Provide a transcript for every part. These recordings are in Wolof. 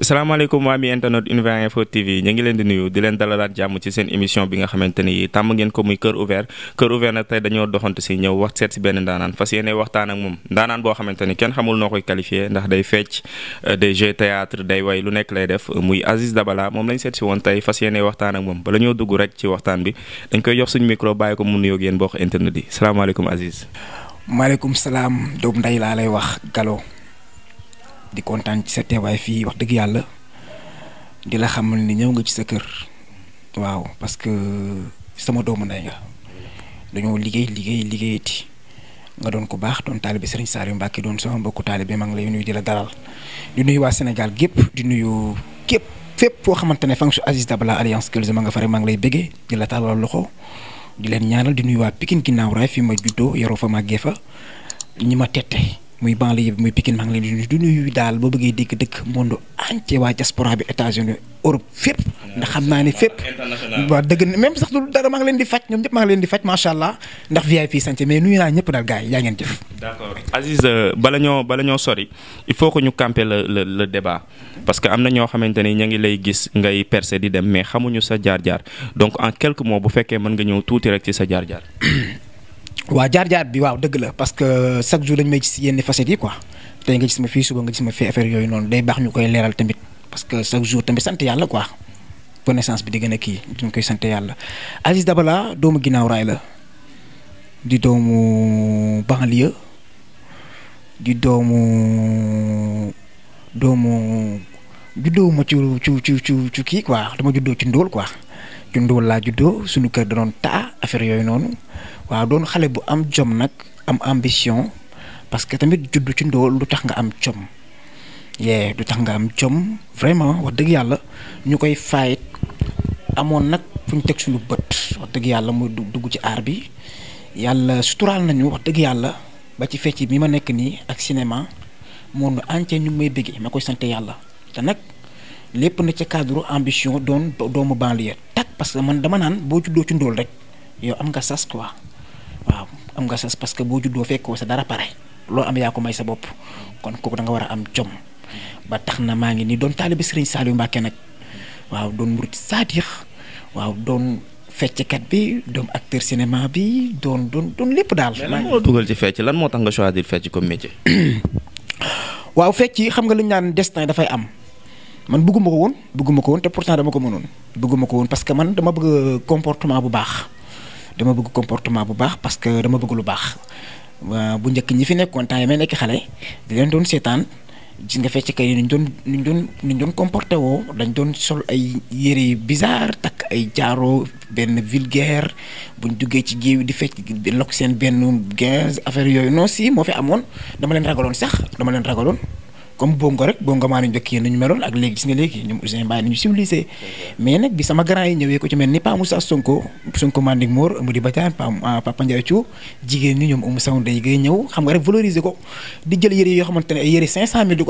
salaamaaleykum waa mi internet Univers Info TV ñu ngi leen di nuyu di leen dalalaat jàmm ci seen émission bi nga xamante ni tàmm ngeen ko muy Cœur Ouvert Cœur Ouvert nag tey dañoo doxantu si ñëw wax seet si benn ndaanaan fas yéene waxtaan ak moom ndaanaan boo xamante ni kenn xamul noo koy qualifié ndax day fecc euh, day jeu théâtre day way lu nekk lay def muy Aziz balaa moom lañ seet si woon tey fas yéene waxtaan ak moom bala ñoo dugg rek ci waxtaan bi dañ koy jox suñu micro ko mu nuyoo ak yéen bokk internet yi salaamaaleykum Aziz. maaleykum salaam doomu ndey laa lay wax Gallo. di kontaan ci sa teewaay fii wax dëgg yàlla di la xamal ni ñëw nga ci sa kër waaw parce que sama doomu ndey nga dañoo liggéey liggéey liggéeyati nga doon ko baax doon taalibe Serigne Saliou Mbacké doon sama mbokku taalibe maa lay nuyu di la dalal di nuy waa Sénégal gépp di nuyu képp fépp foo xamante ne fonction Aziz Dabala alliance Kelle ma nga fa rek maa ngi lay bëggee di la tàllal loxo di leen ñaanal di nuyu waa Pikine ginnaaw raay fi ma juddoo yaroo fa màggee fa ñi ma tette. muy banlieue bi muy Pikine maa ngi leen di nuyu daal boo bëggee dégg dëkk monde entier waa diaspora bi États-Unis Europe fépp ndax xam naa ni fépp waa dëgg même sax du dara maa leen di faj ñoom ñëpp maa leen di faj macha allah ndax VIP sant mais ñu naa ñëpp daal gars yi yaa ngeen jëf. Euh, bala ñoo bala ñoo sori il faut que ñu camper la le le débat parce que am na ñoo xamante ni ñu ngi lay gis ngay perse di dem mais xamuñu sa jaar-jaar donc en quelques mots bu fekkee mën nga ñëw tuuti rek ci sa jaar-jaar. waa jaar-jaar bi waaw dëgg la parce que chaque jour dañu may gis yenn facettes yi quoi tey nga gis ma fii suba nga gis ma fii affaire yooyu noonu day baax ñu koy leeral tamit parce que chaque jour tamit sant yàlla quoi connaissance bi di gën a kii duñ koy sant yàlla. Aziz Dabala doomu ginnaaw raay la doomu banlieue doomu doomu juddoo ma ci ci ci ci kii quoi dama juddoo ci quoi ci ndóol laa juddoo suñu kër da doon taa affaire yooyu noonu. waaw doon xale bu am jom nag am ambition parce que tamit juddu ci ndóol lu tax nga am jom yee lu tax nga am jom vraiment wax dëgg yàlla ñu koy fayit amoon nag fu ñu teg suñu bët wax dëgg yàlla muy dugg ci aar bi yàlla suturaal nañu wax dëgg yàlla ba ci fecc bi ma nekk nii ak cinéma monde entier ñu ngi may bëggee ma koy sant yàlla te nag lépp na ca cadre ambition doon doomu banlieue tak parce que man dama naan boo juddoo ci ndóol rek yow am nga sas quoi. waaw am nga sas parce que boo juddoo fekkoo sa dara pare loo am yaa ko may sa bopp kon kooku da nga war a am jom ba tax na maa ngi nii doon taalibe Serigne Saliou Mbacké nag waaw doon murit saadix waaw doon fecckat bi doon acteur cinéma bi doon doon doon lépp daal. lan moo lan moo tax nga choisir fecc comme métier. waaw fecc xam nga lu ñu naan destin dafay am. man bëgguma ko woon bëgguma ko woon te pourtant dama ko mënoon bëgguma ko woon parce que man dama bëgg comportement bu baax dama bëgg comportement bu baax parce que dama bëgg lu baax bu njëkk ñi fi nekkoon temps yi may nekk xale di leen doon seetaan gis nga fecc kay ni ñu doon ni doon ni doon comporté woo dañ doon sol ay yére yu bizarre takk ay jaaro benn vulgaire buñ duggee ci géew di fecc lokk seen benn gaz affaire yooyu non si moo fi amoon dama leen ragaloon sax dama leen ragaloon comme bongo rek bongo maa nañu jokk nañu meloon ak léegi gis nga léegi ñoom Ouzin Mbaye nañu civilisé mais nag bi sama grand yi ñëwee ko ci mel ni Pa Moussa Sonko Sonko Manding Mor Amady ah, di yoo xamante ne ay yëre 500000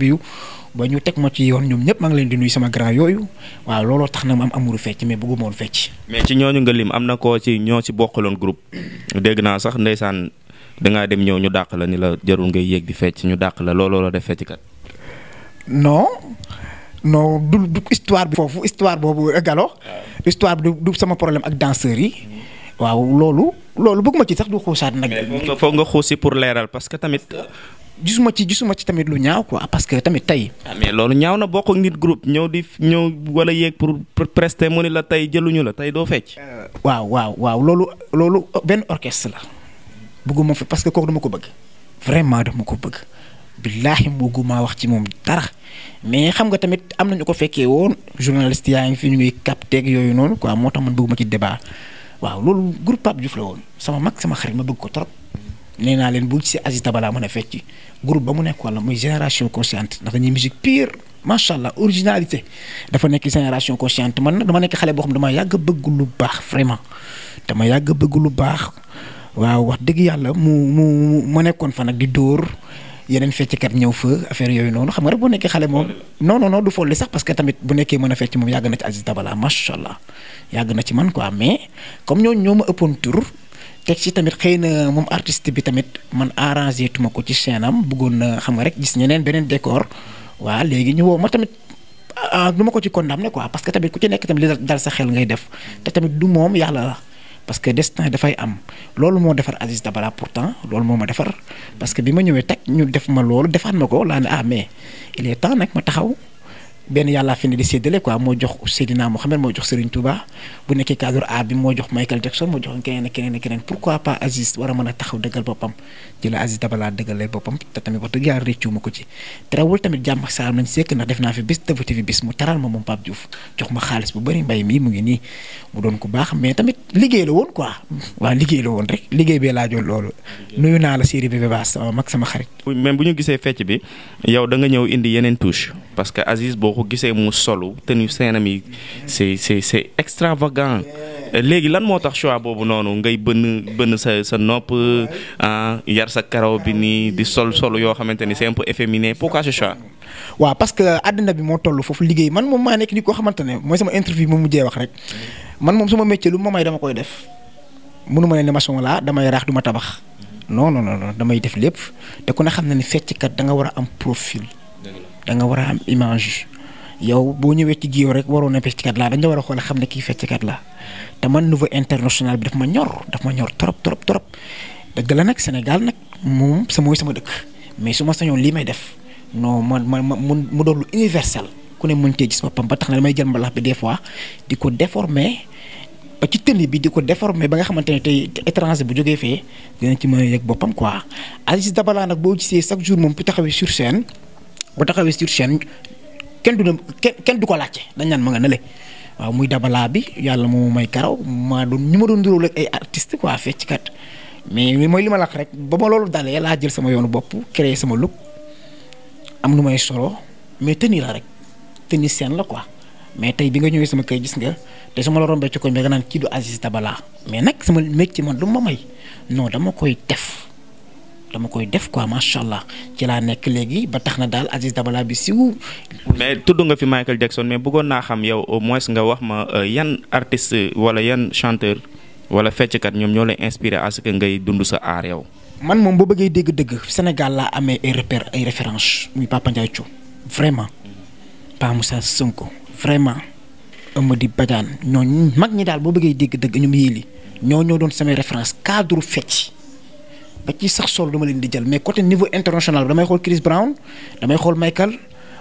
di ba ñu teg ma ci ñoom ñëpp maa leen di nuyu sama grand yooyu waaw looloo tax nag ma am amuru fecc mais bëgguma woon fecc mais ci ñooñu nga lim am na koo ci ñoo ci bokkaloon groupe dégg naa sax ndeysaan dangaa dem ñëw ñu dàq la ni la jarul ngay yéeg di fecc ñu dàq la looloo la def fecckat. non non du du histoire bi foofu histoire boobu Gallo histoire bi du sama problème ak danseurs yi. waaw loolu loolu bëgg ma ci sax du xuusaat nag. foog nga xuusi pour leeral parce que tamit. gisuma ci gisuma ci tamit lu ñaaw ko parce que tamit tey. Ah, loolu ñaaw na bokk nit groupe ñëw di ñëw wala yéeg pour prester mu ne la tey jëluñu la tey doo fecc. Euh, waaw waaw waaw loolu loolu benn orchestre la. bëgguma fi parce que kooku dama ko bëgg vraiment dama ko bëgg billaahi bëgguma wax ci moom dara mais xam nga tamit am nañu ko fekkee woon journaliste yaa ngi fi ñuy capté ak yooyu noonu quoi moo tax man bëgguma ci débat waaw loolu groupe Pape Diouf la woon sama mag sama xarit ma bëgg ko trop nee naa leen bu ci Aziz balaa mën a fecc groupe ba mu nekk wala muy génération consciente ndax dañuy musique pure macha allah originalité dafa nekk génération consciente man nag dama nekk xale boo xam dama yàgg bëgg lu baax vraiment dama yàgg bëgg lu baax. waaw wax dëgg yàlla mu mu ma nekkoon fa nag di dóor yeneen fecckat ñëw fa affaire yooyu noonu xam nga rek bu nekkee xale moom non non non du folli sax parce que tamit bu nekkee mën a fecc moom yàgg na ci Aziz yàgg na ci man quoi mais comme ñooñu ñoo ma ëppoon tur teg ci tamit xëy na moom artiste bi tamit man arrangé tuma ko ci chaîne am bëggoon na xam nga rek gis ñeneen beneen décor waaw léegi ñëwoo woo ma tamit ah, ah, du ma ko ci ne ko parce que tamit ku ci nekk tamit li dal sa xel ngay def te tamit du moom yàlla la. parce que destin dafay am loolu moo defar Aziz Dabala temps loolu moo ma defar parce que bi ma ñëwee teg ñu def ma loolu defaat ma ko laa ne ah mais il est temps nag ma taxaw benn yàllaa fi ne di séddale quoi moo jox Seydina Mohamed moo jox Serigne Touba bu nekkee cadre A bi moo jox Michael Jackson moo jox keneen ak keneen ak keneen pourquoi pas Aziz war a mën a taxaw dëggal boppam ci la Aziz Dabala dëggalee boppam te tamit wax dëgg yàlla réccu ma ko ci terewul tamit jàmm ak lañ sekk ndax def naa fi bis defati fi bis mu taral ma moom Pape Diouf jox ma xaalis bu bëri mbay mii mu ngi nii mu doon ku baax mais tamit liggéey la woon quoi waaw liggéey la woon rek liggéey bee laajoon loolu nuyu naa la série bi baax sama mag sama xarit même bu ñu gisee fecc bi yow da nga ñëw indi yeneen touche parce que Aziz boo ko gisee mu solu tenue seenam yi c'est c'est c'est extravagant léegi lan moo tax choix boobu noonu ngay bënn bënn sa sa nopp ah, yar sa karaw bi nii di sol sol yoo xamante ni c'est un peu efféminé pourquoi ce choix. waaw parce que àddina bi moo toll foofu liggéey man moom maa nekk ni koo xamante ne mooy sama interview mu mujjee wax rek man moom ma métier lu ma may dama koy def mënu ma ne ne maçon laa damay rax du ma tabax non non non damay def lépp te ku ne xam na ni fecckat da nga war a am profil. da nga war a am image. yow boo ñëwee ci géew rek waroon na fecckat laa dañ la war a xool xam ne kii fecckat laa te man niveau international bi daf ma ñor daf ma ñor trop trop trop dëgg la nag Sénégal nag moom sa mooy sama dëkk mais su ma sañoon lii may def non ma ma ma mu doon lu universel ku ne mën cee gis boppam ba tax na damay jël mbalax bi des fois di ko déformer ba ci tënni bi di ko déformer ba nga xamante ne tey étranger bu jógee fee dina ci mën a yëg boppam quoi Aziz Dabala nag boo gisee chaque jour moom bu taxawee sur scène bu taxawee sur scène kenn du ne kenn du ko laajte dañ naan ma nga nële. waaw muy Dabala bi yàlla moom may karaw maa doon ñu ma doon niróo ak ay artistes quoi fecc kat mais mooy li ma la wax rek ba ma loolu dalee laa jël sama yoonu bopp créer sama look am lu may solo mais tenue la rek tenue seen la quoi mais tey bi nga ñëwee sama kay gis nga te su ma la rombee ci koñ bi nga naan kii du Aziz Dabala mais nag sama métier man lu ma may non dama koy def dama koy def quoi macha allah ci laa nekk léegi ba tax na daal Aziz Dabala bi siw mais tudd nga fi Michael Jackson mais bëggoon naa xam yow au moins nga wax ma euh, yan artiste wala yan chanteur wala kat ñoom ñoo lay inspiré à ce ngay dund sa aar yow. man moom boo bëggee dégg-dëgg Sénégal laa amee ay repères ay références muy Papa Ndiaye Thiou vraiment Pa Moussa Sonko vraiment Amady Badiane ñooñu mag ñi daal boo bëggee dégg-dëgg ñoom yéeli ñoo ñoo doon samay référence cadre fecc ba ci sax sol dama leen di jël mais côté niveau international bi damay xool Chris Brown damay xool Michael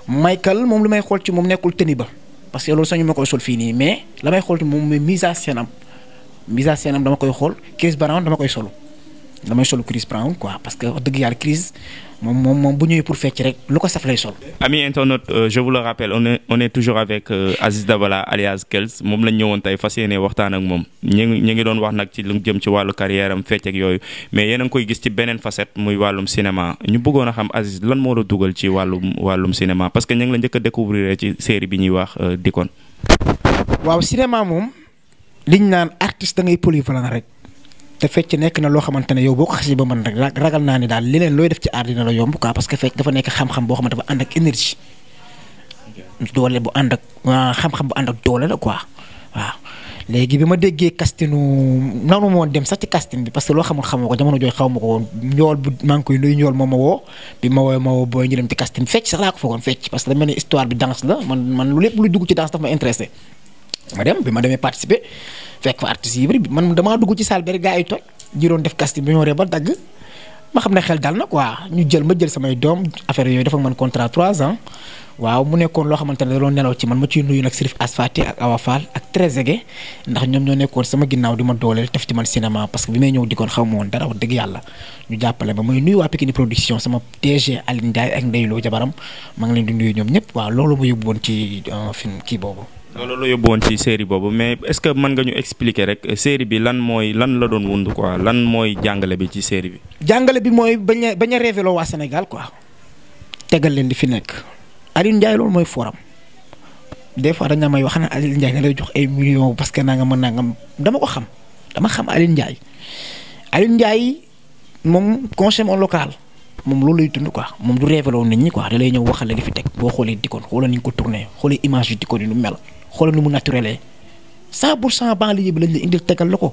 Michael moom lu may xool ci moom nekkul tëni ba parce que loolu sax ñu ma koy sol fii nii mais la may xool ci moom mooy mise en Misa Seen am dama koy xool Chris Brown dama koy solo damay solo Chris Brown quoi parce que dëgg yàlla Chris moom moom bu ñëwee pour fecc rek lu ko saf lay sol. ami internet euh, je vous le rappelle on est on est toujours avec euh, Aziz Dabala alias Kels moom lañ ñëwoon tey fa yéene waxtaan ak moom ñu ngi ñu ngi doon wax nag ci lu jëm ci wàllu carrière am fecc ak yooyu mais yéen koy gis ci beneen facette muy wàllum cinéma ñu bëggoon a xam Aziz lan moo la dugal ci wàllum wàllum cinéma parce que ñu ngi la njëkk a découvrir ci série bi ñuy wax euh, Dikoon. waaw liñ naan artiste da ngay polyvalent rek te fecc nekk na loo xamante ne yow boo ko xasee ba mën rek ragal naa ne daal leneen looy def ci aar dina la yomb quoi parce que fecc dafa nekk xam-xam boo xam ne dafa ànd ak énergie doole bu ànd ak xam-xam bu ànd ak doole la ma déggee kastin bi parce que loo xamul xamoo ko jamono jooy xaw ma ko woon ñool bu maa koy ñool moo ma woo bi ma woo ma woo booy ñu dem ci kastin fecc sax laa ko foogoon fecc parce que da histoire bi danse la man lépp lu dugg ci danse dafa ma intéressé ma dem bi ma demee participer fekk fa artistes yi bëri man damaa dugg ci saal bi rek gaa yi toj ji def casting bi ñoo ree ba dagg ma xam ne xel dal na quoi ñu jël ma jël samay doom affaire yooyu dafa man contrat 3 ans waaw mu nekkoon loo xamante ne da doon nelaw ci man ma ciy nuyu nag Sirif Asfati ak Awa Fall ak Trésege ndax ñoom ñoo nekkoon sama ginnaaw di ma dooleel def ci man cinéma parce que bi may ñëw di koon xaw ma woon dara wax dëgg yàlla ñu jàppale Lo jabaram maa ngi leen di ñoom ñëpp waaw loolu ma yóbbu woon ci euh, film kii loolu la yóbbuwoon ci série boobu mais est-ce que mën nga ñu expliquer rek euh, série bi lan mooy lan la doon wund quoi lan mooy jàngale bi ci série bi. jàngale bi mooy bañ a a révélo waa Sénégal quoi tegal leen di fi nekk Alioune Ndiaye loolu mooy forum des fois dañ may wax ne Alioune Ndiaye na lay jox ay million parce que nangam mën nangam dama ko xam dama xam Alioune Ndiaye Alioune Ndiaye moom consommation local moom loolu lay dund quoi moom du révélo nit ñi quoi da lay fi teg boo xoolee dikkoon xoolal ni ñu ko tourné xoolee image yu dikkoon yi mel. xoolal nu mu naturel 100 pour cent banlieue bi lañ la tegal la ko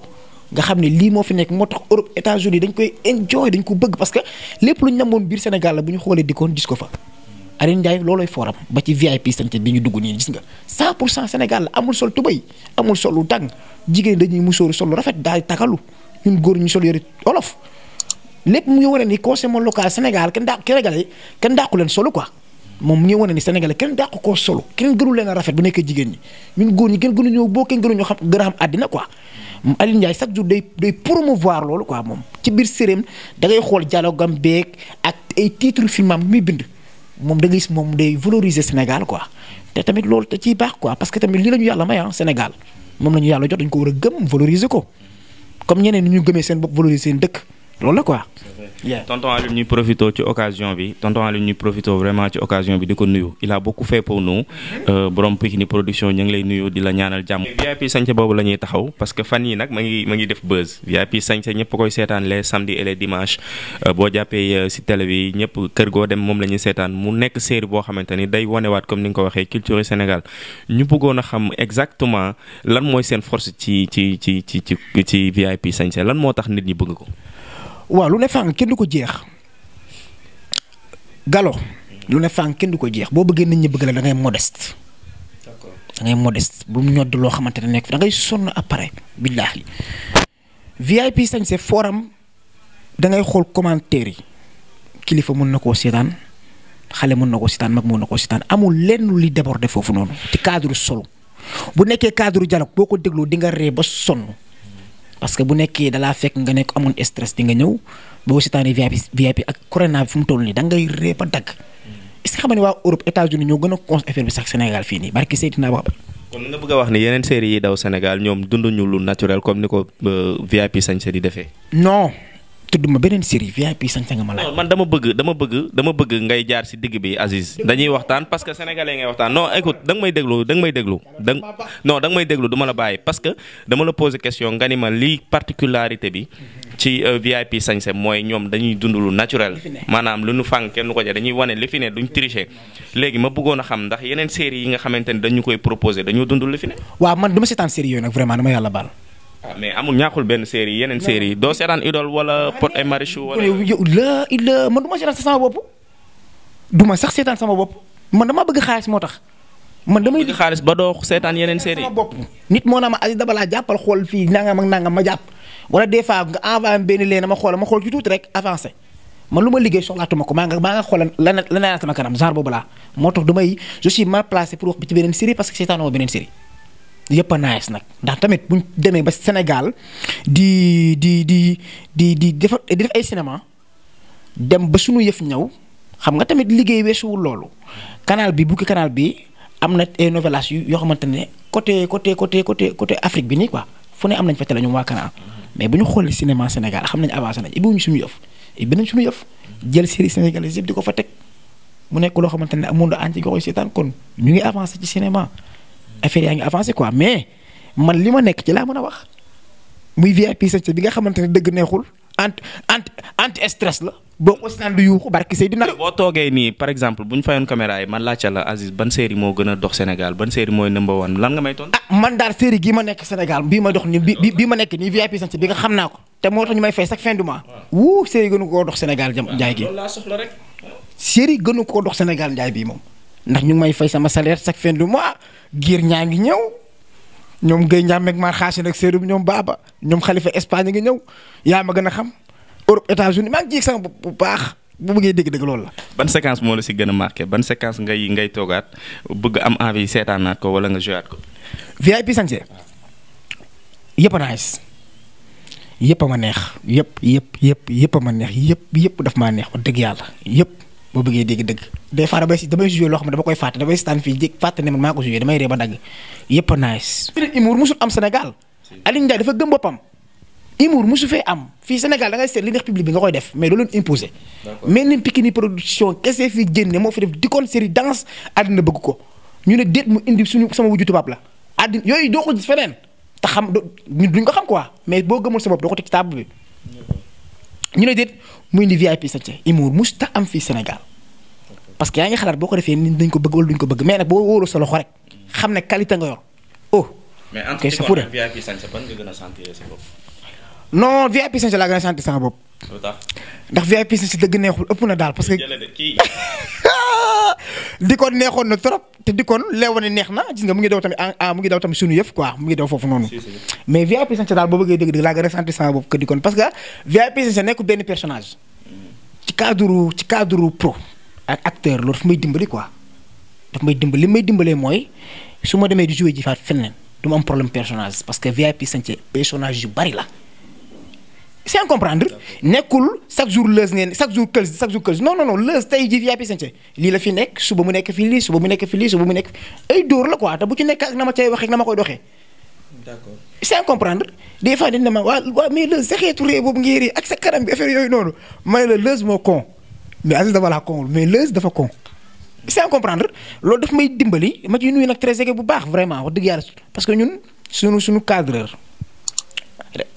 nga xam ne lii moo fi nekk moo tax Europe États-Unis dañ koy enjoy dañ ko bëgg parce que lépp lu ñu namoon biir Sénégal la bu ñu xoolee dikkoon gis ko fa. Aline Ndiaye loolooy foram ba ci VIP santé bi ñu dugg nii gis nga 100 pour cent Sénégal la amul sol tubéy amul sol lu tàng jigéen dañuy musóoru sol lu rafet daal tagalu ñun góor ñu sol yëre olof lépp mu ngi wane ni conseil local Sénégal kenn daa kenn daa ko leen solo ko moom mu ngi wane ni Sénégalais kenn dàq koo solo kenn gënu leen a rafet bu nekkee jigéen ñi ñun góor ñi kenn gënu ñoo boo kenn gënu ñoo xam gën a xam àddina quoi Aliou Ndiaye chaque jour day day promouvoir loolu quoi xool dialogue am beeg ak ay titre filmam bi muy bind moom da ngay gis moom day valoriser Sénégal quoi te tamit loolu te ciy baax quoi parce que tamit lii la yàlla may ah, Sénégal moom la yàlla jot dañu ko war a gëm valoriser ko comme ñeneen ni ñu gëmee seen bopp valoriser seen dëkk loolu la quoi. tonton Alioune ñuy profité ci occasion bi tonton Alioune ñuy profité vraiment ci occasion bi di ko nuyu il a beaucoup fait pour nous euh, borom Pikini production ñu ngi lay nuyu di la ñaanal jàmm. VIP boobu la ñuy taxaw parce que fan yi nag ma ngi ma ngi def buzz VIP sañse ñëpp koy seetaan les samedi et les dimanche euh, boo jàppee euh, si télé bi ñëpp kër goo dem moom la ñuy seetaan mu nekk série boo xamante ni day wanewaat comme ni nga ko waxee culture Sénégal ñu buggoon a xam exactement lan mooy seen force ci ci ci ci ci VIP sañse lan moo tax nit ñi bëgg ko. waaw lu ne fànn kenn du ko jeex galo lu ne fànn kenn du ko jeex boo bëggee nañ ñi bëgg la da ngay modeste. da ngay modeste bu mu ñodd loo xamante ne nekk da ngay sonn appareil billaahi VIP sañse forum da ngay xool commentaire kilifa mën na koo seetaan xale mun na koo seetaan mag mën na koo seetaan amul lenn li déborder foofu noonu ci cadre solo bu nekkee cadre dialogue boo ko dégloo di nga ree ba sonn. parce que bu nekkee dalaa fekk nga nekk amoon stress di nga ñëw boo seetaanee VIP VIP ak corona bi fu mu nii da ngay ree ba dagg hmm. est-ce que xam ne waa Europe États-Unis ñoo gën a cons affaire bi sax Sénégal fii nii barki Seydina Babacar. kon nga bëgg a wax ni yeneen série yi daw Sénégal ñoom dunduñu lu naturel comme ni ko euh, VIP sañ se di defee. non. tudd ma beneen série VIP sañ-sañ nga ma laaj. man dama bëgg dama bëgg dama bëgg ngay jaar si digg bi Aziz. dañuy waxtaan parce que sénégalais ngay waxtaan non écoute da nga may déglu da nga may déglu da non la bàyyi parce que dama la posé question nga ni ma lii particularité bi. ci euh, VIP sañse mooy ñoom dañuy dund lu naturel maanaam lu ñu fàng kenn lu ko ja dañuy wane li fi ne duñ tricher léegi ma bëggoon a xam ndax yeneen série yi nga xamante ne dañu koy proposé dañoo dund li fi ne. waaw man du baal. ah amul ñaaxul benn série yeneen série doo seetaan idole wala Pod et Marichou wala. la illa euh, man du ma seetaan sama bopp du ma sax sama bopp man damaa bëgg xaalis moo tax. man damay bëgg xaalis ba doo seetaan yeneen série sama bopp nit moo naa ma Aziz Dabala fii nangam ak nangam ma jàpp wala des fois nga envoyé am benn leen ma xool ma xool ci tuuti rek avancé. man lu ma liggéey soxlaatuma ko maa nga maa nga xoolal lan la sama kanam genre boobu laa moo tax damay je suis mal placé pour wax bi ci beneen série parce que seetaanoo beneen série yëpp a nice nag ndax tamit bu buñ demee ba Sénégal di di di di di def ay cinéma dem ba suñu yëf ñëw xam nga tamit liggéey weesuwul loolu canal bi bukki canal bi am na ay novelas yu yoo xamante ne côté coté côté côté côté Afrique bi nii quoi fu ne am nañ fa télé ñoom waa canal mais bu ñu xoolee cinéma Sénégal xam nañ avancé nañ ibbiwuñu suñu yëf ibbi nañ suñu yëf jël série sénégalais yëpp di ko fa teg mu nekk loo xamante ne amoon na ànd ci gox seetaan kon ñu ngi avancé ci cinéma. affaire yaa ngi avancé quoi mais man li ma nekk ci laa mën a wax muy VIP sañse bi nga xamante ne dëgg neexul anti anti anti stress la. boo ko si naan du yuuxu toogee nii par exemple bu ñu fayoon caméra yi man laajte la Aziz ban a dox Sénégal ban série mooy number one lan nga may toon ah man daal série ma nekk Sénégal bii ma dox bi nga xam naa ko te moo tax may fay chaque fin du mois. wuu série gënu koo dox Sénégal jam gënu koo dox Sénégal njaay bii moom ndax ñu sama salaire chaque fin giir ñaa ngi ñëw ñoom Guèye Ndiame ak Mar Xaasin ak Seydou ñoom Baba ñoom xalifa Espagne ngi ñëw yaa ma gën a xam Europe États-Unis maa ngi ciy sama bu baax bu bëggee dégg-dégg loolu la. ban séquence moo la si gën a marqué ban séquence ngay ngay toogaat bëgg am envie seetaanaat ko wala nga joyaat ko. VIP sañse yëpp a nice yëpp a ma neex yëpp yëpp yëpp yëpp a ma neex yëpp yëpp daf maa neex wax dëgg yàlla yëpp. boo bëggee dégg dëgg des fois damay si damay joué loo xam damay seetaan fii jékki fàtte ne damay ree ba dagg yëpp a nice. humour musul am Sénégal Alioune Ndiaye dafa gëm boppam am fii Sénégal da ngay li neex public bi nga koy def mais loolu leen imposé. mais ni Pikini production kese fii génne moo fi def dikkoon série danse àddina bëgg ko ñu ne déet mu indi suñu sama wujju tubaab la àddina yooyu doo ko gis feneen te xam duñ ko xam quoi mais boo gëmul sa bopp doo ko teg ci table bi ñu ne déet muy indi VIP sànce humour musta am fii Sénégal parce que yaa ngi xalaat boo ko defee nit dañ ko bëgg wala duñ ko bëgg mais nag boo wóoroo sa loxo xam ne qualité nga yor oh. kay sa fuure mais VIP sànce ban nga laa gën a sentir sama bopp. ndax VIP sànce dëgg neexul ëpp na daal parce que. dikkoon neexoon na trop te dikkoon leewane neex na gis nga mu ngi daw tamit ah mu ngi daw tamit suñu yëf ko mu ngi daw foofu noonu. mais VIP Sanché daal boo bëggee dégg dëgg laa nga ressentir sama bopp que dikkoon parce que VIP Sanché nekkul benn personnage ci cadre ci cadre pro ak acteur loolu daf may dimbali quoi daf may dimbali li may dimbalee mooy su ma demee di jouer faa faat feneen du ma am problème personnage parce que VIP Sanché personnage yu bari la. c'est à comprendre nekkul chaque jour lës ngeen chaque jour këls chaque jour no non non non lës tey jii VIP Santé lii la fi nekk suba mu nekk fi lii suba mu nekk fi lii suba mu nekk ay dóor la quoi te bu ci nekk ak na ma cay waxee ak na ma koy doxee. d'accord c'est à des fois dañ ne ma waa waa mais lës boobu ngay réer ak sa kanam bi affaire yooyu noonu may la lës moo con mais Aziz dafa laa con mais lës dafa con. c'est comprendre loolu daf may dimbali ma ciy nuyu nag très bu baax vraiment wax dëgg yàlla parce que ñun suñu sunu cadreur.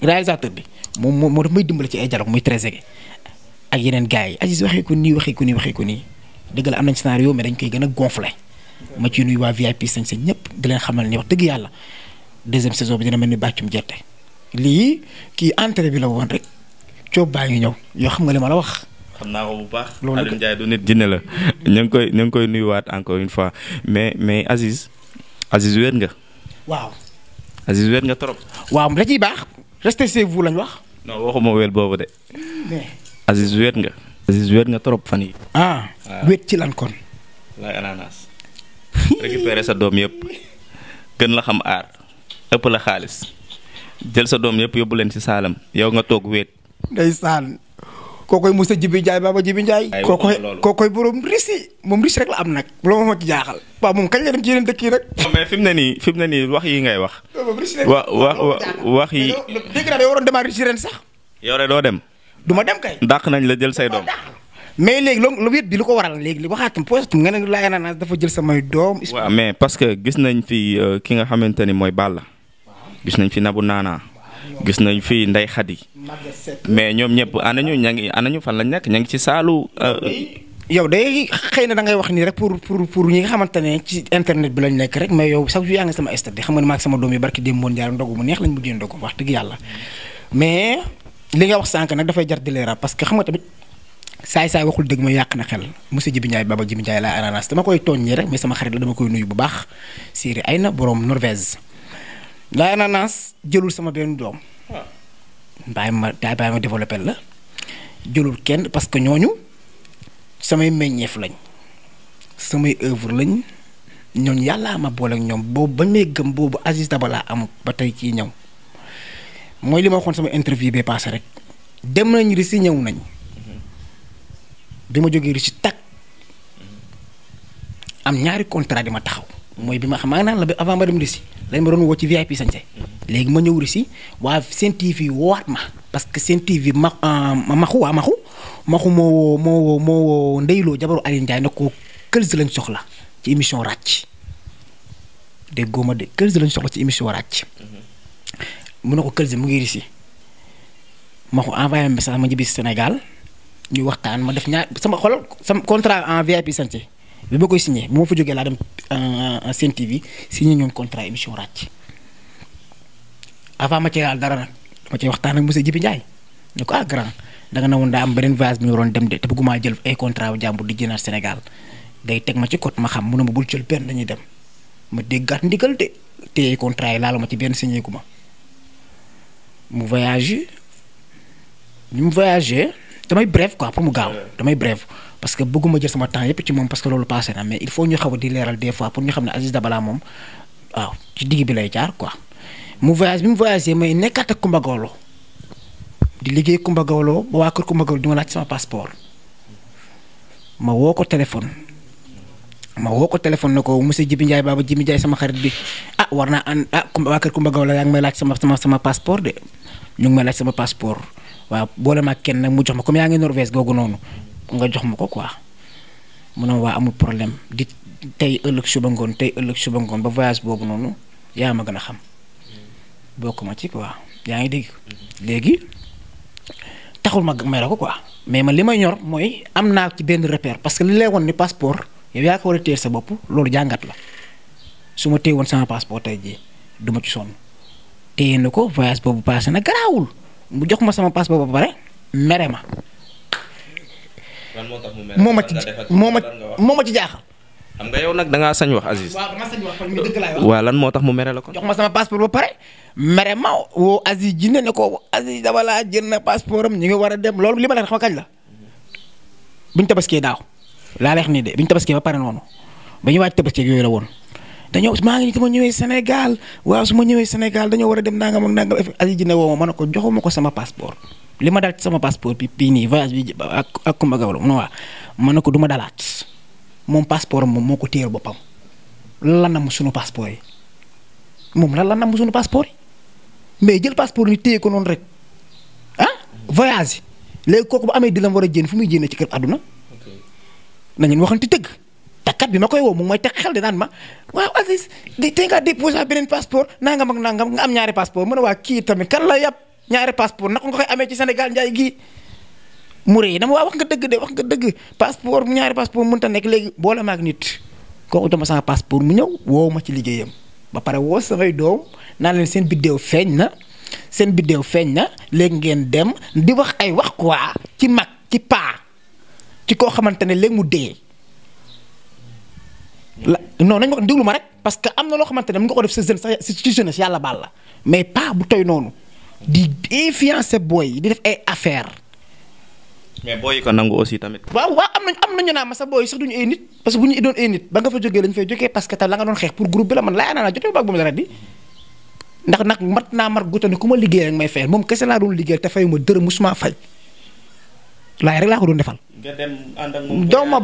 réalisateur bi moom moo moo daf may dimbali ci ay dialogue muy très égay ak yeneen gars yi Aziz waxee ko nii waxee ko nii waxee ko nii dëgg la am nañ scénario mais bi dina mel ni bàccum jette lii kii entrée bi la woon rek coob baa ngi ñëw yoo xam nga li ma la wax. xam naa ko bu baax. loolu Alioune Ndiaye du nit jinne la ñu ngi koy ñu ngi koy nuyuwaat encore une mais mais Aziz Aziz wéet nga. waaw. Aziz wéet nga trop. waaw la ciy baax restez chez vous lañ wax. non waxuma wéet boobu de. mais Aziz wéet nga. Aziz wéet nga trop fan yi ah, ah. ci lan kon. lay ananas. récupérer sa doom yëpp gën la xam aar ëpp la xaalis jël sa doom yëpp yóbbu leen ci saalam yow nga toog wéet. ndeysaan kookoy Moussa Jibi Ndiaye Baba Jibi Ndiaye. kookoy kookoy borom riche yi moom riche rek la am nag loolu moo ma jaaxal. waaw moom kañ la dem ci rek. mais fi mu ne nii fi mu ne nii wax yi ngay wax. wa wa wax yi. dégg naa sax. yow doo dem. du ma dem kay. dàq nañ la jël say doom. mais léegi loolu wét bi lu ko waral léegi waxaatam poostum nga ne Laye Ananas dafa jël samay doom. mais parce que gis nañ fi euh, ki nga xamante ni mooy Balla. gis nañ fi nabu Nana gis nañ fii Ndey Xadi mais ñoom ñëpp anañu ña ngi anañu fan lañ nekk ña ngi ci saalu. Euh, yow day xëy na da ngay wax nii rek pour pour pour ñi nga xamante ne ci internet bi lañ nekk rek mais yow chaque jour yaa ngi sama stade xam nga ne maa sama doom yi barki démb woon jaar ndogu mu neex lañ mujjee mais li nga wax sànq nag dafay jar di leeral parce que xam nga tamit. saay saay waxul dëgg ma yàq na xel monsieur Jibi Ndiaye Baba Jibi Ndiaye laa ananas dama koy tooñ ñi rek mais sama xarit la dama koy nuyu bu baax ay na boroom Norvège Laye Ananas jëlul sama benn doom. waaw ah. bàyyi ma bàyyi ma développé la jëlul kenn parce que ñooñu samay meññeef lañ samay œuvre lañ ñooñu yàllaa ma boole ak ñoom boobu ba may gëm boobu Aziz Dabala am ba tey ci ñëw mooy li ma waxoon sama interview bee passé rek dem nañ risi ñëw nañ mhm. bi ma jógee risi tàkk am ñaari contrat di ma taxaw. mooy bi ma xam maa ngi naan la avant ma dem Russie lañ ma doon woo ci VIP sañse léegi ma ñëw Russie waa Sen TV woowaat ma parce que Sen TV euh, ma maxu waa maxu maxu moo moo moo ndeyloo jabaru Aliou Ndiaye na ko këls lañ soxla ci émission ràcc déggoo ma de këls lañ soxla ci émission ràcc mu ne ko këls mu ngi Russie maxu envoyé message ma ñibbi Sénégal ñu waxtaan ma def ñaar sama xolal sama contrat en VIP sañse bi ma koy signé moom ma fa jógee laa dem euh, Sen TV signé ñoom contrat émission ràcc avant ma cee laal dara nag ma cee waxtaan ak monsieur Jibi Ndiaye ne ko ah grand danga ne woon daa am beneen voyage bi ñu waroon dem de te bëggumaa jël ay contrat wu jàmbur di jënaat Sénégal day teg ma ci kot ma xam mu ne ma bul jël benn dañuy dem ma déggaat ndigal de te contrat yi laalu ma ci benn signé gu ma mu voyagé ñu mu voyagé damay bref quoi pour mu gaaw damay bref. parce que bëgguma jël sama temps yépp ci moom parce loolu passé na mais il faut ñu xaw a di leeral des pour ñu xam ne Aziz Dabala moom waaw ci digg bi lay jaar quoi mu voyage bi mu voyagé may nekkaat ak Kumba Gawlo di liggéey Kumba Gawlo ba waa kër Kumba Gawlo di ma laaj sama passeport woo ko téléphone ma woo ko téléphone ko monsieur Jibi Ndiaye Baba Jibi sama xarit bi ah war naa ànd ah Kumba waa kër Kumba Gawlo sama sama sama passeport de ñu ngi may laaj sama passeport waaw boole ma kenn nag mu jox ma comme yaa ngi Norvège googu noonu nga jox ma ko quoi mu ne waa amul problème di tey ëllëg suba ngoon tey ëllëg suba ngoon ba voyage boobu noonu yaa ma gën a xam bokk ma ci quoi yaa ngi dégg léegi taxul ma may la ko quoi mais ma li ma ñor mooy am naa ci benn repère parce que li lay woon ni passeport yow yaa ko war a téye sa bopp loolu jàngat la su ma téye woon sama passeport tey jii duma ma ci sonn téye na ko voyage boobu passé na garaawul mu jox ma sama passeport ba pare mere ma. moo ma ci moo a moo ma ci jaaxal. xam nga yow nag da ngaa sañ wax Aziz. waaw dama wax kon mi lan moo tax mu mere la kon. jox ma sama passeport ba pare mere ma woo Aziz jinne ko Aziz dama laa na passeport am ñu ngi war a dem li ma la xam kañ la biñ tabaskee daaw laa leex nii de biñ tabaskee ba pare noonu ba ñu waaj tabaskee yooyu la woon. dañoo maa ngi nii ma ñëwee Sénégal waaw su ma ñëwee Sénégal dañoo war a dem nangam ak nangam Aziz jinne ma ne ko joxuma ko sama passeport. li ma dal ci sama passeport bi bii nii voyage bi ak ak Kumba Gawlo mu ne waa ma ne ko duma ma dalaat moom passeport moom moo ko téyal boppam lan la namm suñu passeport yi moom lan la namm suñu passeport yi mais jël passeport ni téye ko noonu rek ah voyage yi léegi kooku bu amee di lam war a jéem fu muy jéem ci kër àdduna nañu ti dëgg takkat bi ma koy woo moom ma teg xel di naan ma waaw Aziz tey ngaa déposé beneen passeport nangam ak nangam nga am ñaari passeport mu ne waa kii tamit kan la yàpp. ñaari passeport naka nga koy amee ci senegal njaay gi muré yi dama waa wax nga dëgg de wax nga dëgg passeport bu ñaari passeport mënut a nekk léegi boole ma ak nit kooku dama sama passeport mu ñëw woow ma ci liggéeyam ba pare woo samay doom naa leen seen biddéew feeñ na seen biddéew feeñ na léegi ngeen dem di wax ay wax quoi ci mag ci paa ci koo xamante ne léegi mu dee. la non nañ ma déglu rek parce am na loo xamante ne nga ko def sa jeune sa ci jeunesse yàlla baal la mais paa bu toy noonu. di influencer booy yi di def ay affaire mais booy yi ko nangu aussi tamit. waaw waaw am nañ am nañu naa ma sa booy sax duñu ay nit parce que bu ñu doon ay nit ba nga fa jógee lañ fay jógee parce que tam la nga doon xeex pour groupe bi la man laa jotee ba ak moom dara di ndax nag mat naa mar guute ni ku ma liggéey rek may fayal moom kese laa doon liggéeyal te fayuma dërëm musuma fay. laay rek laa ko doon defal. nga dem ànd ak moom doo ma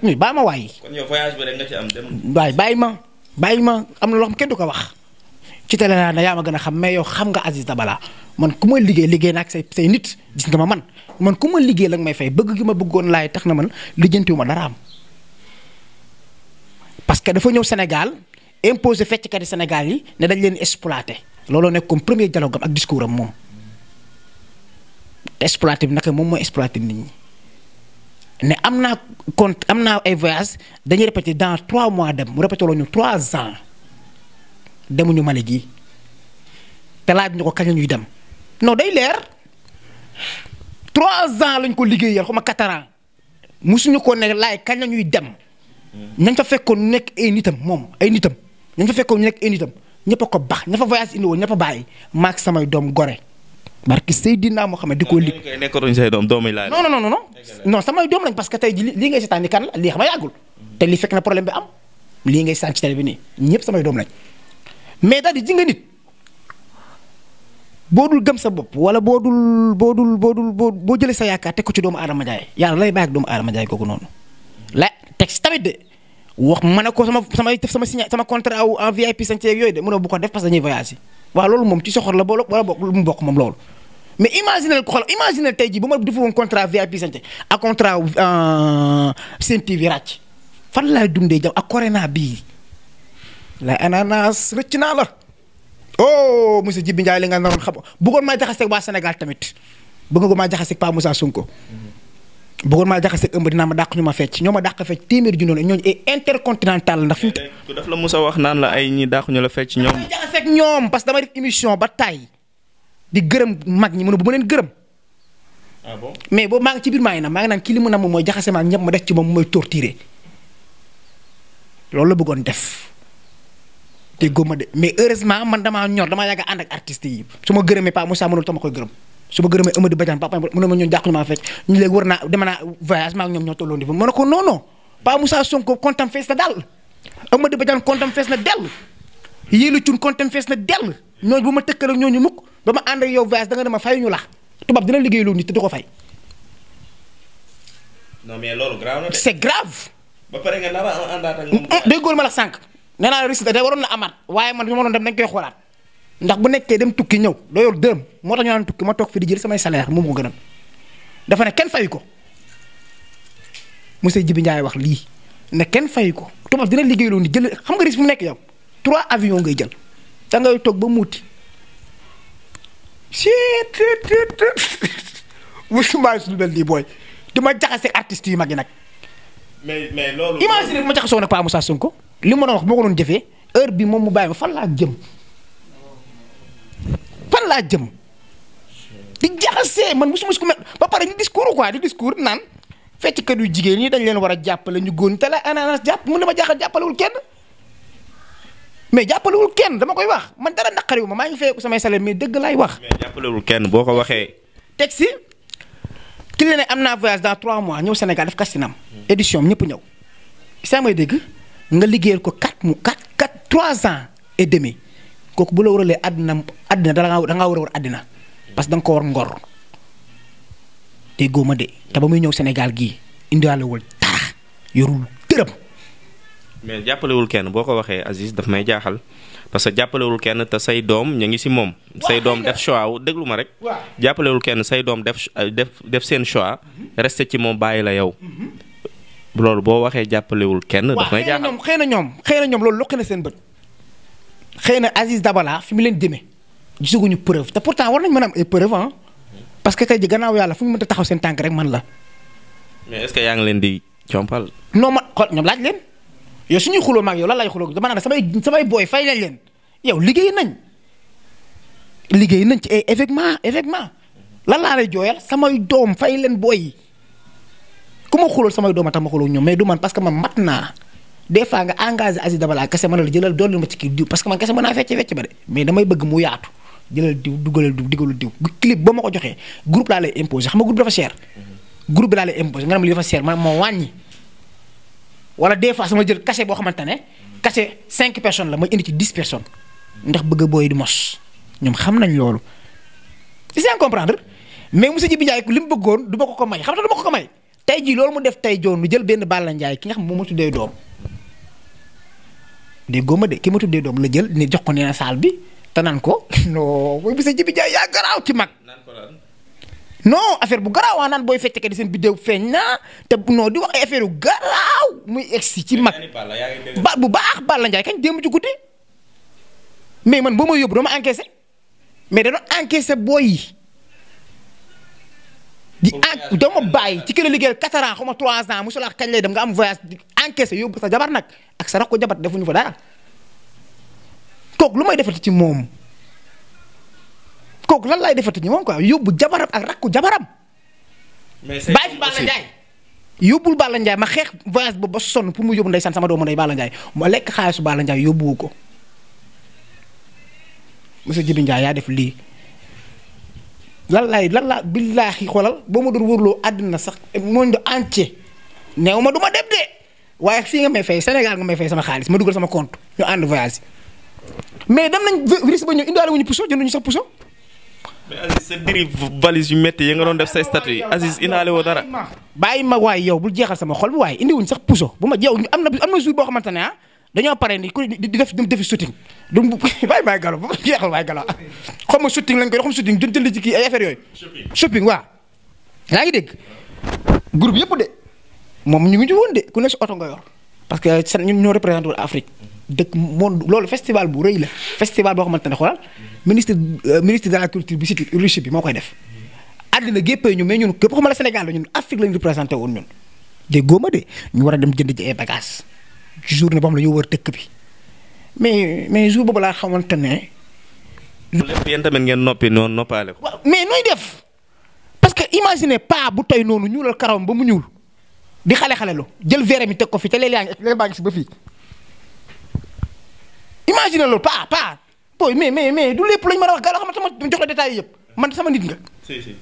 mi baa ma waay. kon yow voyage ma bàyyi ma am na loo kenn du ko wax. ci télé naa ne yaa ma gën a xam mais yow xam nga Aziz Dabala man ku ma liggéey liggéey nag ak say say nit gis nga ma man man ku ma liggéey la nga may fay bëgg gi ma bëggoon laay tax na man lijjantiwu ma dara am parce que dafa ñëw Sénégal imposé fecckat yi Sénégal yi ne dañ leen exploité looloo nekk comme premier dialogue am ak discours am moom exploité bi naka moom mooy exploité nit ñi ne am naa compte am naa ay voyage dañuy répété dans trois mois dem mu répété loo ñu trois ans demuñu Mali gi te laaj ñu ko kañ ñuy dem non day leer trois ans lañ ko liggéeyal xuma quatre ans musuñu ko ne laaj kañ la ñuy dem nañ fa fekkoon nekk ay nitam moom ay nitam nañ fa fekkoon nekk a ña fa voyage indi woon ña fa bàyyi maak samay doom gore barki Seydina Mohamed di ko lig nekkatuñ say doom doom yi laaj doom lañ que tey ji lii ngay seetaan ni kan la lii xam nga mhm. problème bi am lii ngay seetaan ci télé nii ñëpp samay doom lañ mais daal di ji nga nit boo dul gëm sa bopp wala boo dul boo dul boo dul boo jëlee sa yaakaar teg ko ci doomu aadama jaay yàlla lay ba ak doomu aadama jaay kooku noonu la teg si tamit de wax ma ne ko sama sama sama signé sama contrat wu en VIP sañ yooyu de mu ne bu ko def parce que dañuy voyage loolu moom ci soxor la boole wala bokk mu bokk moom loolu. mais imaginez ko xool imaginez tey jii bu ma defoon contrat VIP sañ ak contrat euh, Sen TV ràcc fan laay dundee jàmm ak corona bii. la ananas rëcc naa la oh monsieur Djibi Ndiaye li nga naroon xam bëggoon maa jaxaseeg waa Sénégal tamit bëgg nga maa jaxaseeg Paa Moussa Sonko bëggoon maa jaxaseeg ëmb dinaa ma dàq ñu ma fecc ñoo ma dàq fecc téeméer junne la ñooñu ay intercontinental ndax fi mu. ku eh, wax naan la ay ñi dàq ñu la fecc ñoom. damay jaxaseeg ñoom parce que dama émission ba tay di gërëm mag ñi mu bu ma leen gërëm. Ah mais boobu maa ngi ci biir maa ngi naan maa na kii li mu moom mooy jaxase ma ak ñëpp ma def ci moom mooy torturer loolu la bëggoon def déggoo ma de mais heureusement man damaa ñor damaa yàgg ànd ak artistes yi su ma gërëmee Pape a mënul tama koy gërëm su ma gërëmee Amadou Badiane Pape mu ne ma ñoom jàqlu maa fecc ñu léegi war naa dama naa voyage maa ngi ñoom ma ne ko non non Pape Moussa Sonko kontam fees na dal na dell Yélu Cun kontam fees na dell ñooñu bu ma tëkkal ak ñooñu mukk ba ma ànd ak yow voyage da nga dama fayu ñu la tubaab dina liggéey loolu nit te du ko fay non mais loolu grave na de c'est grave ba pare nga nar a àndaat ak eh, moom déggool ma la sànq nee naa risque da waroon na amaat waaye man bi ma doon dem dañ koy xoolaat ndax bu nekkee dem tukki ñëw doo yor dërëm moo tax ñu naan tukki ma toog fi di jël samay salaire moom ko dafa ne kenn fay ko monsieur Djibi Ndiaye wax lii ne kenn fay ko tubaab dina liggéeyloo ni jël xam nga risque mu nekk yow trois avion ngay jël da ngay toog ba muuti. siit siit siit musuma suñu mel nii booy dama jaxase artistes yu mag yi nag. mais mais loolu. imagine ma jaxasoo nag Pa Moussa ko li ma doon wax boo ko doon jëfee heure bi moom mu bàyyi ma fan laa jëm fan laa jëm di jaxasee man musu musu ku mel ba pare ñu discours quoi di discours naan fecckat yu jigéen ñi dañ leen war a jàppale ñu góor ñi te la ananas jàpp mun dama ma jaaxal jàppalewul kenn mais jàppalewul kenn dama koy wax man dara naqariwu ma maa ngi feyeeku samay salaire mais dëgg lay wax. mais jàppalewul kenn boo ko waxee. teg si ki la ne am naa voyage dans trois mois ñëw Sénégal def kastinam édition am ñëpp ñëw saa may dégg. nga liggéeyal ko quatre mu quatre quatre trois ans et demi kooku bu la waralee àddina àddina da da ngaa war a war àddina parce que ko war ngor te góoma de te ba muy ñëw Sénégal gii indiwaalewul dara yorul dërëm. mais jàppalewul kenn boo ko waxee Aziz daf may jaaxal parce que jàppalewul kenn te say doom ñu ngi si moom. say doom def choix wu déglu ma rek. jàppalewul kenn say doom def def def seen choix. Mhm. resté ci moom bàyyi la yow. Mhm. loolu boo waxee jàppalewul kenn. daf may jaaxal waaw xëy na ñoom xëy na ñoom loolu loqe na seen bët. xëy na Aziz Dabala fi mu leen jëmee gisaguñu preuve te pourtant war nañ mën a ay preuve parce que tey ji gannaaw yàlla fu ñu mënta taxaw seen tànk rek man la. yaa ngi leen di compal. non man ñoom laaj leen yow suñuy xuloo maag yow lan lay xuloo dama naan samay samay booy fay leen leen yow liggéey nañ liggéey nañ ci ay effectivement effectivement lan laa lay jooyal samay doom fay leen booy ku ma xulóol samay dooma tax ma xulóol ñoom mais du man parce que man naa des nga engagé Aziz Dabala kese mën na la jëlal dolli ma ci kii diw parce que man kese mën naa fecce fecce ba de mais damay bëgg mu yaatu jëlal diw dugalal diw digalul diw clip ba ma ko joxee groupe laa lay imposé xam nga groupe dafa cher. Mhm. groupe bi laa lay imposé nga dem li dafa cher man moo wàññi wala des fois sama jël cachet boo xamante ne cachet cinq personnes la may indi ci dix personnes bëgg booy di mos ñoom xam nañ loolu. c'est à comprendre mais monsieur Djibi Ndiaye li mu bëggoon du ma ko ko tey jii loolu mu def tey joonu jël benn Balla Ndiaye ki nga xam moom ma tuddee doom déggoo ma de ki ma tuddee doom la jël ni jox ko nee na saal bi te nan ko non booy bisa jibi jaay yaa garaaw ci mag non affaire bu garaaw waa naan booy fecc di seen biddéew feeñ na te non di wax ay affaire yu garaaw muy egsi ci mag ba bu baax Balla kañ démb ci guddi mais man ba ma yóbbu dama encaissé mais da doon booy di en doo ma bàyyi ci kër a liggéeyal 4 ans xaw ma 3 ans mu solaax kañ lay dem nga am voyage di encaissé yóbbu sa jabar nag ak sa rakk ko jabar defuñu fa dara kooku lu may defati ci moom kooku lan lay defati ci moom yóbbu jabaram ak rakku jabaram. mais say bàyyi fi Balla Ndiaye. yóbbul Balla ma xeex voyage boobu ba sonn pour mu yóbbu ndeysaan sama doomu ndey Balla Ndiaye ma lekk xaalisu Balla Ndiaye yóbbuwu ko monsieur Djibi Ndiaye yaa def lii. lan laay lan laa billaahi xoolal boo ma doon wërloo àddina sax monde entier néew ma du ma dem de waaye fii nga may fay Sénégal nga may fay sama xaalis ma dugal sama compte ñu ànd voyage mais dem nañ virus ba ñëw indiwaale wu ñu puso jënduñu sax sa diri valise yu métti yi nga doon def say statut yi Aziz indaale bàyyi ma waay yow bul jeexal sama xol bi waaye indiwuñ sax puso bu ma yow am na am na jour boo xamante ne ah, dañoo pare ni ku di def di defi shooting du bàyyi maay galo ba jeexal waay galo xaw ma shooting lañ koy xaw ma shooting duñ jënd ci kii ay yaa ngi dégg groupe yëpp de moom ñu ngi ci de ku ne si nga yor parce que seen ñun ñoo représenté wul Afrique dëkk monde loolu festival bu rëy la festival boo xamante ne xoolal ministre euh, ministre de bi si Russie bi moo koy def. àddina géppee ñu mais ñun képp xamala Sénégal la Afrique lañ représenté woon ñun de góoma de ñu war a dem jënd ci ay bagages. journée boo xam ne dañoo wër dëkk bi mais mais jour boobu laa xamante ne. lépp yéen ngeen noppi noonu noppaale ko. mais nooy def parce que imaginez pas bu tey noonu ñuulal karawam ba mu ñuul di xale xale lu jël verre mi teg ko fi te léeg yaa ngi léeg baa ngi ba fii. imagine loolu pas pas booy mais mais mais du lépp lañ mën a wax gàllankoor xamante ma jox la détails yëpp man sama nit nga. si si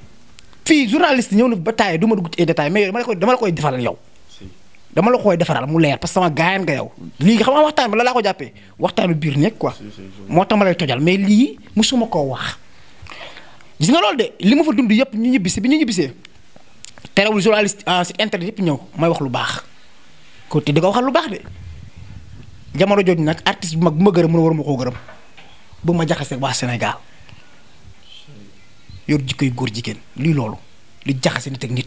fii journaliste ñëw na ba taay du ma dugg ci ay détails mais dama la koy dama la dama la koy defaral mu leer parce sama gaayaan nga yow lii xam nga waxtaan bi la laa ko jàppee waxtaanu biir nekk quoi moo tax ma lay tojal mais lii musuma koo wax gis nga loolu de li ma fa dund yëpp ñu ñibbisi bi ñu ñibbisee terewul journaliste ah, si internet yëpp ñëw may wax lu baax ko te di ko waxal lu baax de jamono jooju nag artiste bu mag bu ma gërëm mën a waruma ko gërëm bu ma jaxaseeg waa Sénégal yor jikkoy góor jigéen lii loolu li jaxase nit ak nit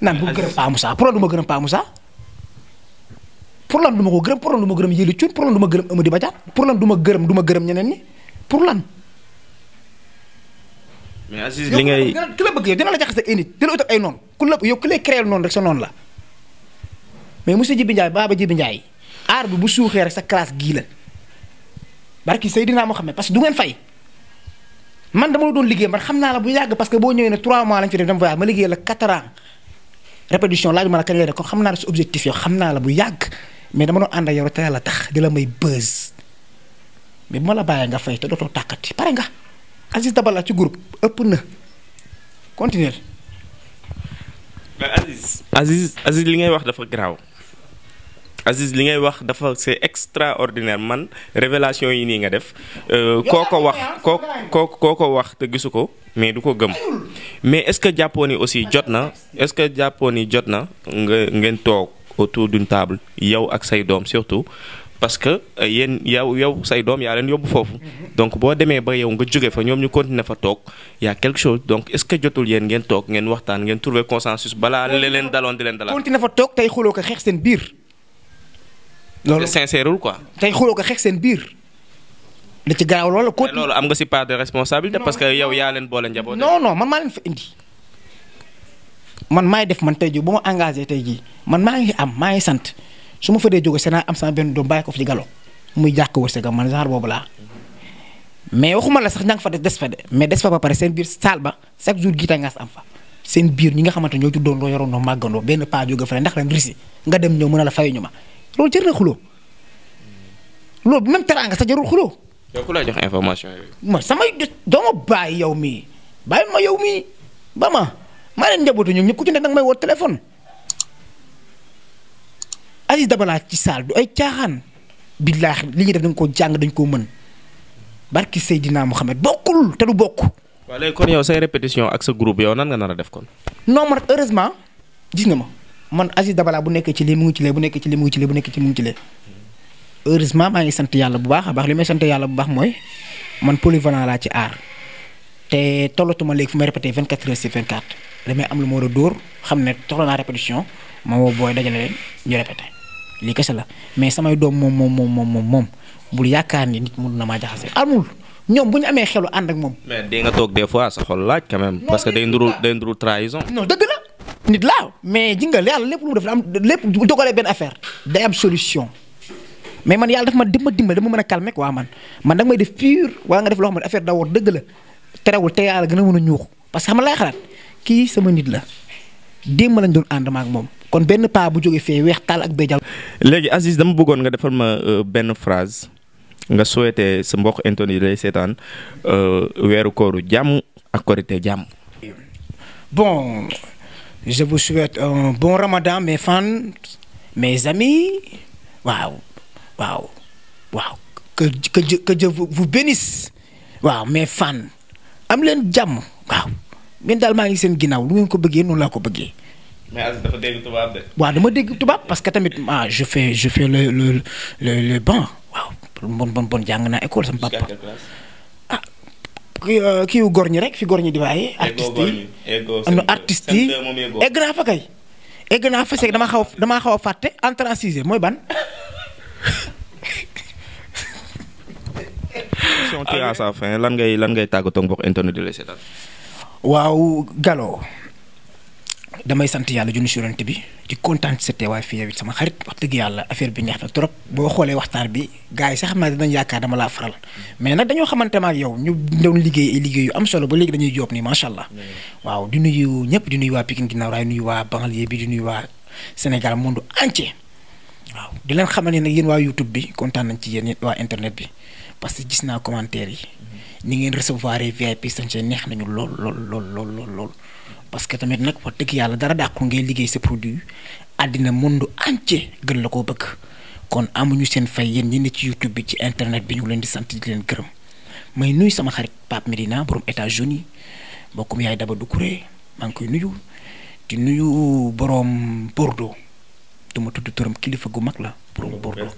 naan bu gërëm Pa Moussa pour lan du ma gërëm Pa Moussa pour lan du ma ko gërëm pour lan du ma gërëm Yéli Cuun pour lan du ma gërëm Amady Badiane du ma gërëm du ma gërëm ñeneen ñi pour lan. mais Aziz li ngay ku la bëgg yow dina la jaxase ay nit dina utal ay noonu ku la yow ku lay créer noonu rek sa noon la mais monsieur Jibi Ndiaye ba Jibi Ndiaye aar bi bu suuxee rek sa classe gii la barki Seydina Mohamed parce que du ngeen fay man dama la doon liggéey man xam naa la bu yàgg parce que boo ñëwee ne 3 mois lañ fi ma liggéey la 4 répétition laaj ma la kañ lay def xam naa la si objectif yow xam naa la bu yàgg mais dama doon ànd a yow te yàlla tax di la may buzz mais bu ma la bàyyee nga fay te dootoo tàkkati pare nga Aziz Dabala ci groupe ëpp na continuer mais Aziz Aziz Aziz li ngay wax dafa garaaw Aziz li ngay wax dafa c'est extraordinaire man révélation yi nii nga def euh, koo ko wax koo koo koo ko wax te gisu ko mais du ko gëm mais est-ce que jàppoon aussi jot na est-ce que jàppoon ni jot na nga ngeen toog autour d'une table yow ak say doom surtout parce que euh, yéen yow yow say doom yaa leen mm-hmm. boo demee ba yow nga jóge fa ñoom ñu continuer fa toog y a quelque chose donc est-ce que jotul yéen ngeen toog ngeen waxtaan ngeen trouver consensus balaa leen daloon di leen dalal. continuer fa toog tey xuloo ko xeex seen biir. loolu sincèreul quoi. tey xuloo ko xeex seen biir. da ci gaaw loolu ko loolu am nga si part de responsabilité. parce que yow yaa leen boole njaboot. non non man maa leen fa indi. man maay def man tey jii bu ma engagé tey jii man maa ngi am maa ngi sant su ma fa dee jóge naa am sama benn doom bàyyi ko fi ci galo muy jàkk wërsëgam man genre boobu laa. mais waxuma la sax ña nga fa des fa de mais des fa ba pare seen biir saal ba chaque jour gita ngaas seen biir ñi nga xamante ñoo tuddoon loo yoroon noo màggandoo benn paa jóge fa ndax ren risi nga dem ñëw mën a la fayuñu ma. loolu jër na xuloo loolu même teraanga sax jarul xulo yow ku lay jox information yi. ma samay dooma bàyyi yow mii bàyyi ma yow mii ba ma maa leen njabootu ñoom ñëpp ku ci ne nag may woo téléphone. ay Dabala ci saal du ay caaxaan billaahi li ñuy def dañ ko jàng dañ koo mën barki Seydina Mohamed bokkul te du bokk. waaw léegi kon yow say répétition ak sa groupe yow nan nga nar a def kon. non man heureusement gis nga ma man Aziz Dabala bu nekkee ci lii mu ngi ci lee bu nekkee ci lii mu ngi ci lee bu nekkee ci mu ngi ci lee heureusement maa ngi sant yàlla bu baax a baax li may sant yàlla bu baax mooy man polyvalent laa ci aar te tollatuma léegi fu may répété 24 heures sur 24 damay am lu ma war a dóor xam ne toxla naa répétition ma woo booy dajale leen ñu répété lii kese la mais samay doom moom moom moom moom moom bul yaakaar ni nit mun na maa jaxase amul ñoom bu ñu amee xelu ànd ak moom. mais di nga toog des fois sa xol laaj quand même. parce que day ndurul ah. day ndurul nit laa mais ji nga yàlla lépp lu mu def am lépp bu dogalee benn affaire day am solution mais man yàlla daf ma dimba dimba dama mën a calmer quoi man man da may def pure wala nga def loo xam ne affaire da war dëgg la te yàlla gën a mën a ñuux parce que xam nga kii sama nit la démb lañ doon ànd ak moom kon benn paa bu jógee fee weex taal ak béjal. léegi Aziz dama bëggoon nga defal ma euh, benn phrase nga souhaité sa mbokk intoni lay seetaan euh, weeru kooru jàmm ak korité jàmm. je vous souhaite un bon ramadan mes fans mes amis waaw waaw waaw que que Dieu, que Dieu waaw mes fans am leen jàmm waaw ngeen daal maa ngi seen ginnaaw lu ngeen ko bëggee noonu laa ko bëggee. mais Aziz tubaab waaw dama dégg tubaab parce que tamit ah je fais je fais le le le le banc waaw bon bon bon jàng naa école sama kii euh, wu ñi rek fi góor ñi di waaye. artistes yi am yi egg naa fa kay. egg naa fa seeg damaa xaw a damaa xaw a fàtte entrée en sixième mooy ban. lan ngay lan ngay tàggatoo ak mbokk internet di lay seetaan. waaw Gallo. damay sant yàlla junni si yonent bi di kontaan ci sa teewaay fi yow it sama xarit wax dëgg yàlla affaire bi neex na trop boo xoolee waxtaan bi gars yi sax xam naa dinañ yaakaar dama laa faral mais nag dañoo xamante ma ak yow ñu doon liggéey ay liggéey yu am solo ba léegi dañuy joob nii macha allah waaw di nuyu ñëpp di nuyu waa Pikine ginnaaw raay nuyu waa banlieue bi di nuyu waa Sénégal monde entier waaw di leen xamal ne nag yéen waa YouTube bi kontaan nañ ci yéen waa internet bi parce que gis naa commentaire yi ni ngeen recevoir VIP sañ neex nañu lool lool lool lool lool parce que tamit nag wax tëgg yàlla dara dàqu ngay liggéey sa produit àddina monde entier gën la koo bëgg kon amuñu seen fay yéen ñi ci YouTube bi ci internet bi ñu leen di sant di leen gërëm may nuyu sama xarit Pape Medina borom États-Unis mbokkum yaay Daba Doucouré maa ngi koy nuyu di nuyu borom Bordeaux duma tudd tëram kilifa gu mag la borom Bordeaux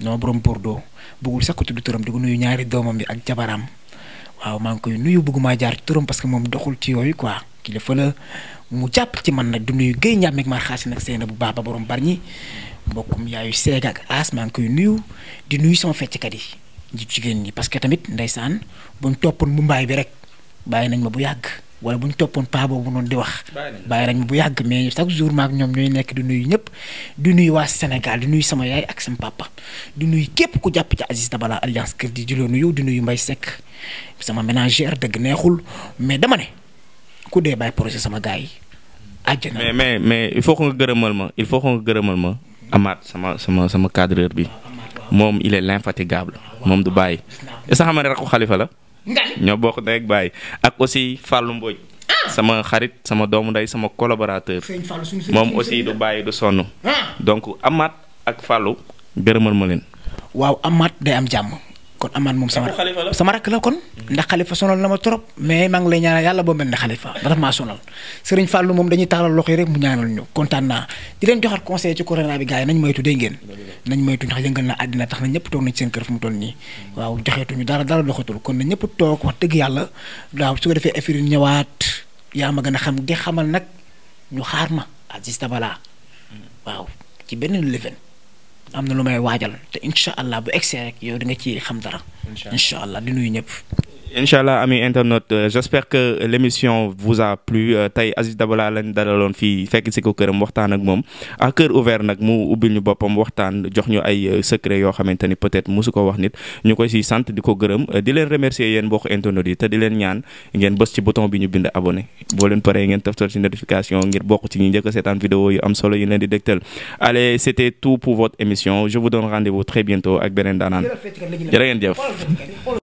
non borom Bordeaux buggul sax ko tudd turam di ko nuyu ñaari doomam bi ak jabaram waaw maa ngi koy nuyu bëgguma jaar ci turam parce que moom doxul ci yooyu quoi kilifa la mu jàpp ci man nag du nuyu Guèye Niame ak Mar Xaasi nag seen bu baax ba borom barñi mbokkum yaayu seeg ak aas maa ngi koy nuyu di nuyu sama fecckat yi ji jigéen ñi parce que tamit ndeysaan buñ toppoon bu mbaay bi rek bàyyi nañ ma bu yàgg. wala bu ñu toppoon paa boobu noonu di wax. bàyyi nañ bu yàgg mais chaque jour maak ñoom ñooy nekk di nuyu ñëpp di nuyu waa Sénégal di nuyu sama yaay ak sama papa di nuyu képp ku jàpp ci Aziz Dabala alliance kër di jëloon nuyu di nuyu Mbaye Seck sama ménagère dëgg neexul mais dama ne ku dee bàyyi projet sama gars yi. àjjana mais mais mais il faut que nga gërëmal ma il faut gërëmal ma amaat sama sama sama cadreur bi moom il est l'infatigable moom du bàyyi. est-ce que Xalifa la. ñoo bokk ndey ak bàyyi ak aussi Fallou Mbodj. Ah! sama xarit sama doomu ndey sama collaborateur. moom aussi du bàyyi du sonn. Ah! donc amaat ak Fallou gërëmal ma leen. waaw amaat day am jàmm. kon amaan moom sama sama rakk la kon ndax xalifa sonal na ma trop mais maa ngi lay ñaanal yàlla boo mel ne xalifa ba tax maa sonal sëriñ Fàllu moom dañuy taxalal loxo yi rek mu ñaanal ñu kontaan naa di leen joxat conseil ci corona bi gars yi nañ moytu dégg ngeen nañ moytu ndax yëngal na àddina tax na ñëpp toog nañ seen kër fu mu toll nii waaw joxeetuñu dara dara doxatul kon na ñëpp toog wax dëgg yàlla waaw su ko defee effet ñëwaat yaa ma gën a xam di xamal nag ñu xaar ma am na lu may waajal te incha allah bu egsee rek yow di nga ci xam dara. incha allah di nuyu ñëpp. incha allah ami internet euh, j'espère que l'émission vous a plu euh, tey Aziz Dabala lañ dalaloon fii fekk si ko këram waxtaan ak moom à kër ouvert nag mu ubbil ñu boppam waxtaan jox ñu ay euh, secret yoo xamante ni peut-être mosu ko wax nit ñu koy si sant di ko gërëm di leen remercier yen mbokk internet yi te di leen ñaan ngeen bës ci bouton bi ñu bind abonné boo leen paree ngeen taftal ci notification ngir bokk ci ñi njëkk a seetaan vidéo yu am solo yi leen di dégtal allez c'était tout émission je vous donne rendez-vous très ak beneen daanaan jërë ngeen jëf